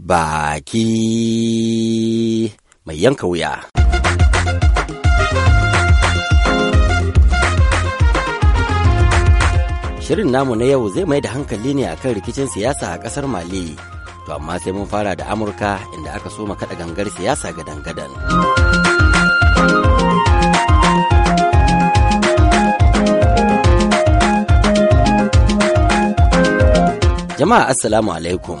baki mai yanka wuya. Shirin namu na yau zai mai da hankali ne akan rikicin siyasa a ƙasar Mali, to amma sai mun fara da Amurka inda aka soma kaɗa gangar siyasa ga dangadan. Jama'a Assalamu alaikum.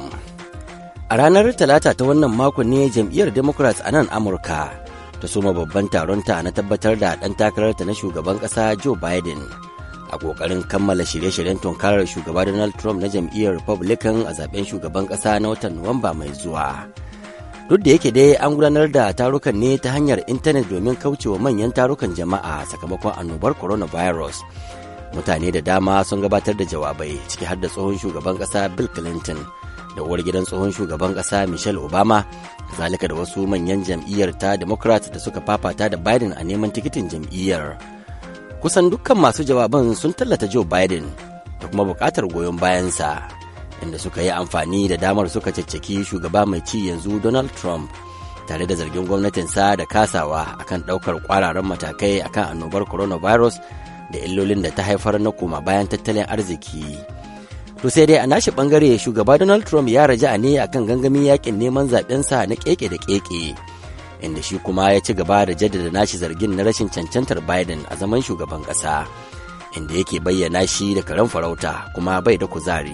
A ranar Talata ta wannan makon ne jam'iyyar Democrats a nan Amurka ta soma babban taronta na tabbatar da ɗan takararta na shugaban ƙasa Joe Biden a ƙoƙarin kammala shirye-shiryen tunkarar shugaba Donald Trump na jam'iyyar Republican a zaben shugaban ƙasa na watan Nuwamba mai zuwa. Duk da yake dai an gudanar da tarukan ne ta hanyar intanet domin kaucewa manyan tarukan jama'a sakamakon annobar coronavirus. Mutane da dama sun gabatar da jawabai ciki har da tsohon shugaban ƙasa Bill Clinton. da uwar gidan tsohon shugaban ƙasa michelle obama zalika da wasu manyan jam'iyyar ta democrat da suka fafata da biden a neman tikitin jam'iyyar kusan dukkan masu jawaban sun tallata joe biden da kuma buƙatar goyon bayansa inda suka yi amfani da damar suka cecceki shugaba mai ci yanzu donald trump tare da zargin gwamnatin sa da kasawa akan ɗaukar kwararan matakai akan annobar coronavirus da illolin da ta haifar na koma bayan tattalin arziki. To sai dai a nashi bangare shugaba Donald Trump ya raja a ne akan gangamin yakin neman zabensa na keke da keke. Inda shi kuma ya ci gaba da jaddada nashi zargin na rashin cancantar Biden a zaman shugaban kasa, Inda yake bayyana shi da karen farauta kuma bai da kuzari.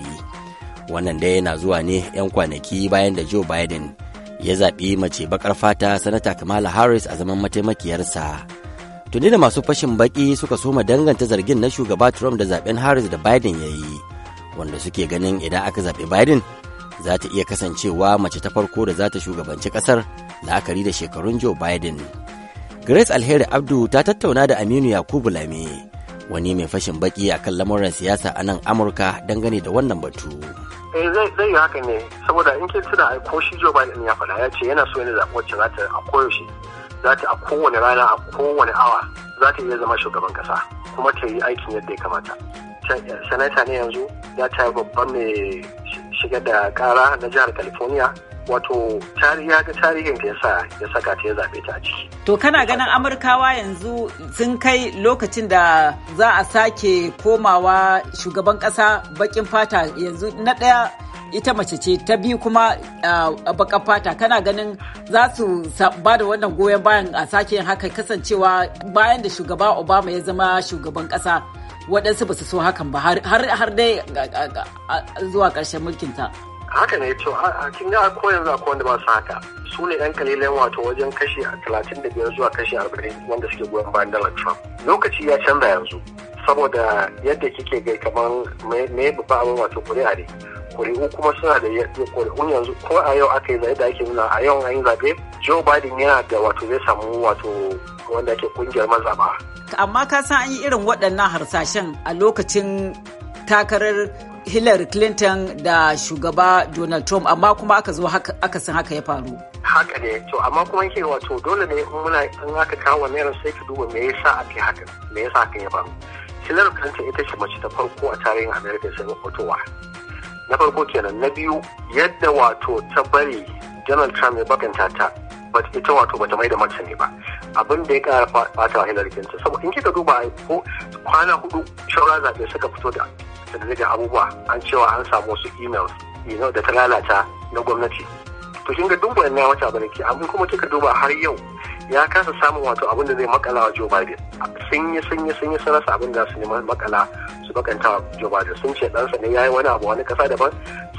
Wannan dai yana zuwa ne 'yan kwanaki bayan da Joe Biden ya zaɓi mace bakar fata sanata Kamala Harris a zaman mataimakiyarsa. Tuni da masu fashin baki suka soma danganta zargin na shugaba Trump da zaben Harris da Biden ya yi. wanda suke ganin idan aka zaɓi Biden za ta iya kasancewa mace ta farko da za ta shugabanci ƙasar la'akari da shekarun Joe Biden. Grace Alheri Abdu ta tattauna da Aminu Yakubu Lami, wani mai fashin baki akan lamuran siyasa a nan Amurka dangane da wannan batu. Eh, zai yi haka ne saboda in ke tuna shi Joe Biden ya faɗa ya ce yana so yana zaɓi wacce za a koyaushe za ta a kowane rana a kowane awa za iya zama shugaban ƙasa kuma ta yi aikin yadda ya kamata. sanata ne yanzu ya ta babban mai shiga da kara na jihar california wato ya ga tarihin da yasa ya saka ta ya zabe ta ciki. To kana ganin Amurkawa yanzu sun kai lokacin da za a sake komawa shugaban ƙasa baƙin fata yanzu na ɗaya ita mace ce ta biyu kuma baka fata kana ganin za su ba da wannan goyon bayan a sake haka kasancewa bayan da shugaba obama ya zama shugaban kasa waɗansu ba su so hakan ba har dai zuwa ƙarshen mulkinta. haka ne to a kin ga ko yanzu akwai wanda ba su haka su ne ɗan kalilan wato wajen kashi 35 zuwa kashi 40 wanda suke goyon bayan Donald Trump lokaci ya canza yanzu saboda yadda kike ga kamar me babba abin wato kuri'a ne Kuri'u kuma suna da ƙuri'un yanzu ko a yau aka yi zaɓe da ake nuna a yau an yi zaɓe joe biden yana da wato zai samu wato wanda ke ƙungiyar mazaba amma ka san an yi irin waɗannan harsashen a lokacin takarar hillary clinton da shugaba donald trump amma kuma aka zo aka san haka ya faru haka ne to amma kuma yake wato dole ne in muna in aka kawo wannan sai ki duba me yasa aka haka me yasa aka ya faru Hillary Clinton ita ce mace ta farko a tarihin America sai fitowa na farko kenan na biyu yadda wato ta bari donald trump ya bakanta ta ita wato bata mai da martani ba abin da ya kara fata wa hillary saboda in kika duba ko kwana hudu shaura zaɓe suka fito da sanadiga abubuwa an cewa an samu wasu emails email da ta lalata na gwamnati to kin ga duba na wata barki amma kuma kika duba har yau ya kasa samun wato abin da zai makala wa Joe Biden sun yi sun yi sun yi sanarsa abin da su neman makala su bakanta wa Joe Biden sun ce ɗansa ne ya yi wani abu wani ƙasa daban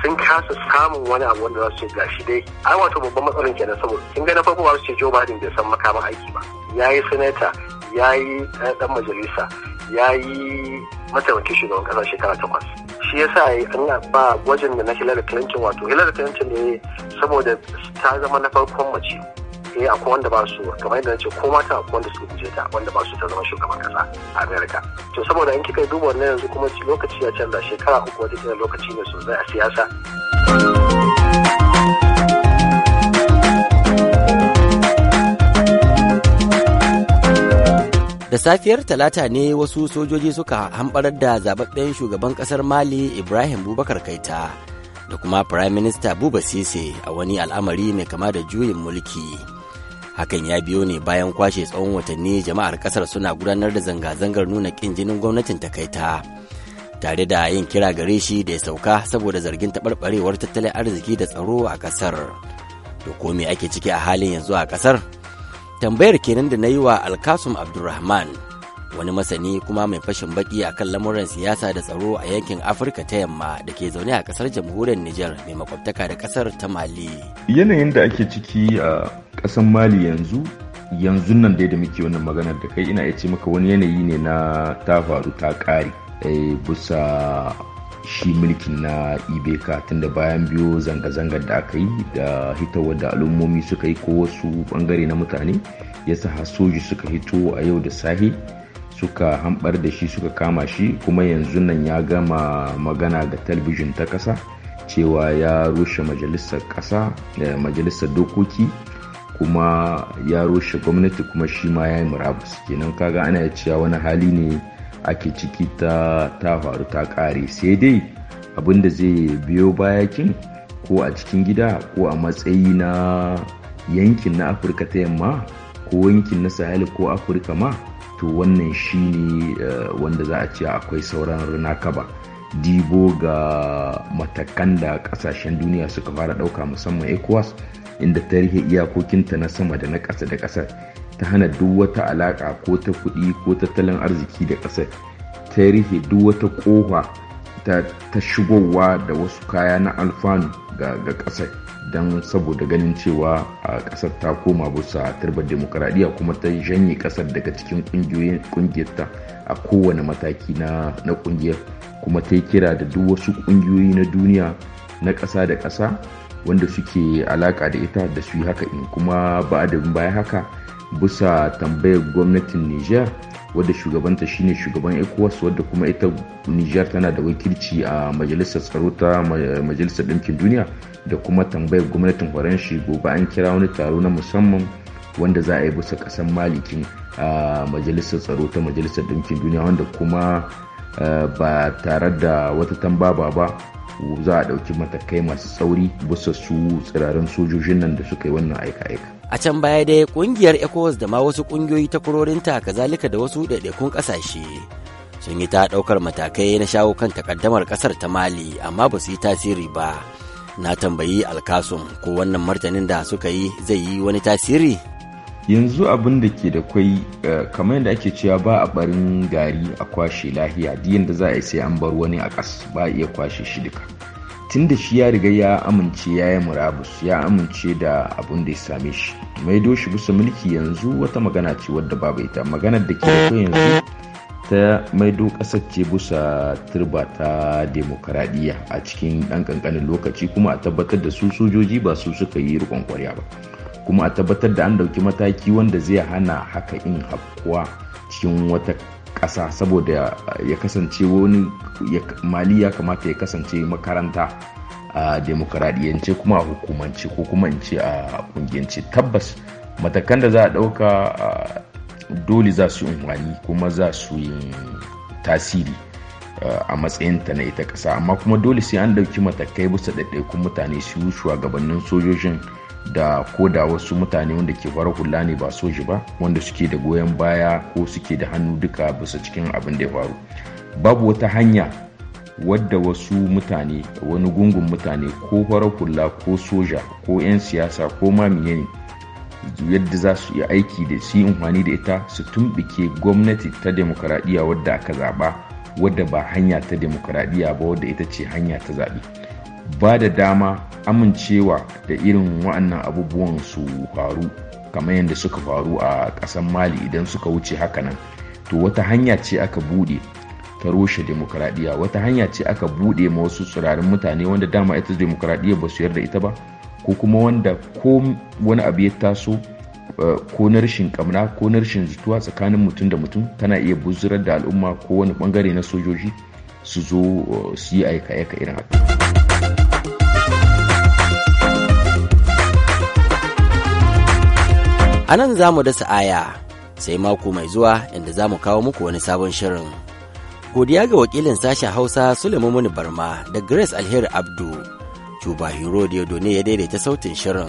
sun kasa samun wani abu wanda za su ce gashi dai ai wato babban matsalin kenan saboda Kin ga na farko ba su ce Joe Biden bai san makamin aiki ba ya yi sanata ya yi eh, ɗan majalisa ya yi mataimakin shugaban ƙasa shekara takwas shi yasa ya an ba gwajin da na Hillary Clinton wato Hillary Clinton ne saboda ta zama na farkon mace eh akwai wanda ba su kamar yadda nace ko mata akwai wanda su guje ta wanda ba su ta zama shugaban kasa a Amerika to saboda in kika duba wannan yanzu kuma lokaci ya canza shekara uku wata lokaci ne sosai a siyasa da safiyar talata ne wasu sojoji suka hambarar da zababben shugaban kasar mali ibrahim bubakar kaita da kuma Firayim Minista Buba Sise a wani al'amari mai kama da juyin mulki. hakan ya biyo ne bayan kwashe tsawon watanni jama'ar kasar suna gudanar da zanga-zangar nuna kin jinin gwamnatin takaita tare da yin kira gare shi da ya sauka saboda zargin taɓarɓarewar tattalin arziki da tsaro a kasar to ko me ake ciki a halin yanzu a ƙasar? tambayar kenan da na yi wa alkasum abdulrahman wani masani kuma mai fashin baki a kan lamuran siyasa da tsaro a yankin afirka ta yamma da ke zaune a kasar jamhuriyar Nijar, mai makwabtaka da kasar ta mali yanayin da ake ciki a kasar mali yanzu yanzu nan dai da muke wannan maganar da kai ina ice ce maka wani yanayi ne na ta faru ta kare eh, bisa shi mulkin na ibeka tunda bayan biyo zanga-zangar da aka yi da hita da al'ummomi suka yi ko wasu bangare na mutane ya sa soji suka hito a yau da sahi suka hambar da shi suka kama shi kuma yanzu nan ya gama magana ga talbijin ta ƙasa cewa ya rushe majalisar ƙasa da eh, majalisar dokoki kuma ya rushe gwamnati kuma shi ma ya yi murabus kenan kaga ana cewa wani hali ne ake ciki ta ta faru ta ƙare sai dai abin da zai biyo bayakin ko a cikin gida ko a matsayi na yankin na afirka ta yamma ko yankin na sahel ko afirka ma to wannan shi ne eh, wanda za a ce akwai sauran rina kaba dibo ga matakan da kasashen duniya suka fara dauka musamman ecowas inda ta rike iyakokinta na sama da na ƙasa da ƙasar ta hana duk wata alaƙa ko ta kuɗi ko tattalin arziki da ƙasar ta rike duk wata ƙofa ta ta shigowa da wasu kaya na alfanu ga ƙasar don saboda ganin cewa a ƙasar ta koma busa turbar demokaradiyya kuma ta janye ƙasar daga cikin ƙungiyarta a kowane mataki na na ƙungiyar kuma ta yi kira da duk wasu ƙungiyoyi na duniya na ƙasa da ƙasa wanda suke alaƙa da ita da su yi haka in kuma ba da baya haka bisa tambayar gwamnatin niger wadda shugabanta shine shugaban ecowas wadda kuma ita niger tana da wakilci a majalisar tsaro ta majalisar ɗinkin duniya da kuma tambayar gwamnatin faranshi gobe an kira wani taro na musamman wanda za a yi bisa kasan malikin a majalisar tsaro ta majalisar ɗinkin duniya wanda kuma ba tare da wata tambaba ba za a ɗauki matakai masu tsauri bisa su tsirarin sojojin nan da suka yi wannan aika-aika a can baya dai kungiyar ecowas da ma wasu kungiyoyi ta kurorinta kazalika da wasu ɗaiɗaikun ƙasashe sun yi ta ɗaukar matakai na shawo kan takaddamar ƙasar ta mali amma ba su yi tasiri ba na tambayi alkasun ko wannan martanin da suka yi zai yi wani tasiri yanzu abin da ke da kwai eh, kamar yadda ake cewa ba a barin gari a kwashe lahiya duk yadda za a yi sai an bar wani a ƙas ba a iya kwashe shi duka tun da shi ya riga ya amince ya yi murabus ya amince da abun da ya same shi maido shi bisa mulki yanzu wata magana ce wadda babu ita maganar da ke da yanzu ta maido ƙasar ce bisa turba ta demokaradiyya a cikin ɗan ƙanƙanin lokaci kuma a tabbatar da su sojoji ba su suka yi rikon kwarya ba kuma a tabbatar da an ɗauki mataki wanda zai hana haka in hakuwa cikin wata ƙasa saboda ya kasance wani mali ya kamata ya kasance makaranta a demokaradiyance kuma a hukumance ko kuma in ce a kungiyance tabbas matakan da za a ɗauka dole za su yi kuma za su yi tasiri a matsayin ta na ita ƙasa amma kuma dole sai an ɗauki matakai bisa ɗaiɗaikun mutane su yi shugabannin sojojin da ko da wasu mutane wanda ke fara hula ne ba soji ba wanda suke da goyon baya ko suke da hannu duka bisa cikin abin da ya faru babu wata hanya wadda wasu mutane wani gungun mutane ko fara hula ko soja ko 'yan siyasa ko ma ne yadda za su yi aiki da su yi da ita su tumbike gwamnati ta demokaradiyya wadda aka zaɓa wadda ba hanya ta demokaradiyya ba wadda ita ce hanya ta zaɓe ba da dama amincewa da irin wa'annan abubuwan su faru kamar yadda suka faru a kasan mali idan suka wuce hakanan to wata hanya ce aka buɗe ta rushe demokuraɗiyya wata hanya ce aka buɗe ma wasu tsirarin mutane wanda dama ita demokuraɗiyya ba su yarda ita ba ko kuma wanda ko wani abu ya taso eh, ko na rashin kamra ko na rashin zutuwa tsakanin mutum da mutum tana iya buzurar da al'umma ko wani bangare na sojoji su zo eh, su yi aika-aika irin haka. A nan za mu dasa aya sai mako mai zuwa inda za mu kawo muku wani sabon shirin. Godiya ga wakilin sashen Hausa Suleiman Barma da Grace Alheri Abdu. Cuba Hero ne ya daidaita sautin shirin.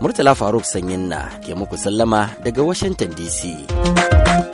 Murtala Faruk Sanyinna ke muku sallama daga Washington DC.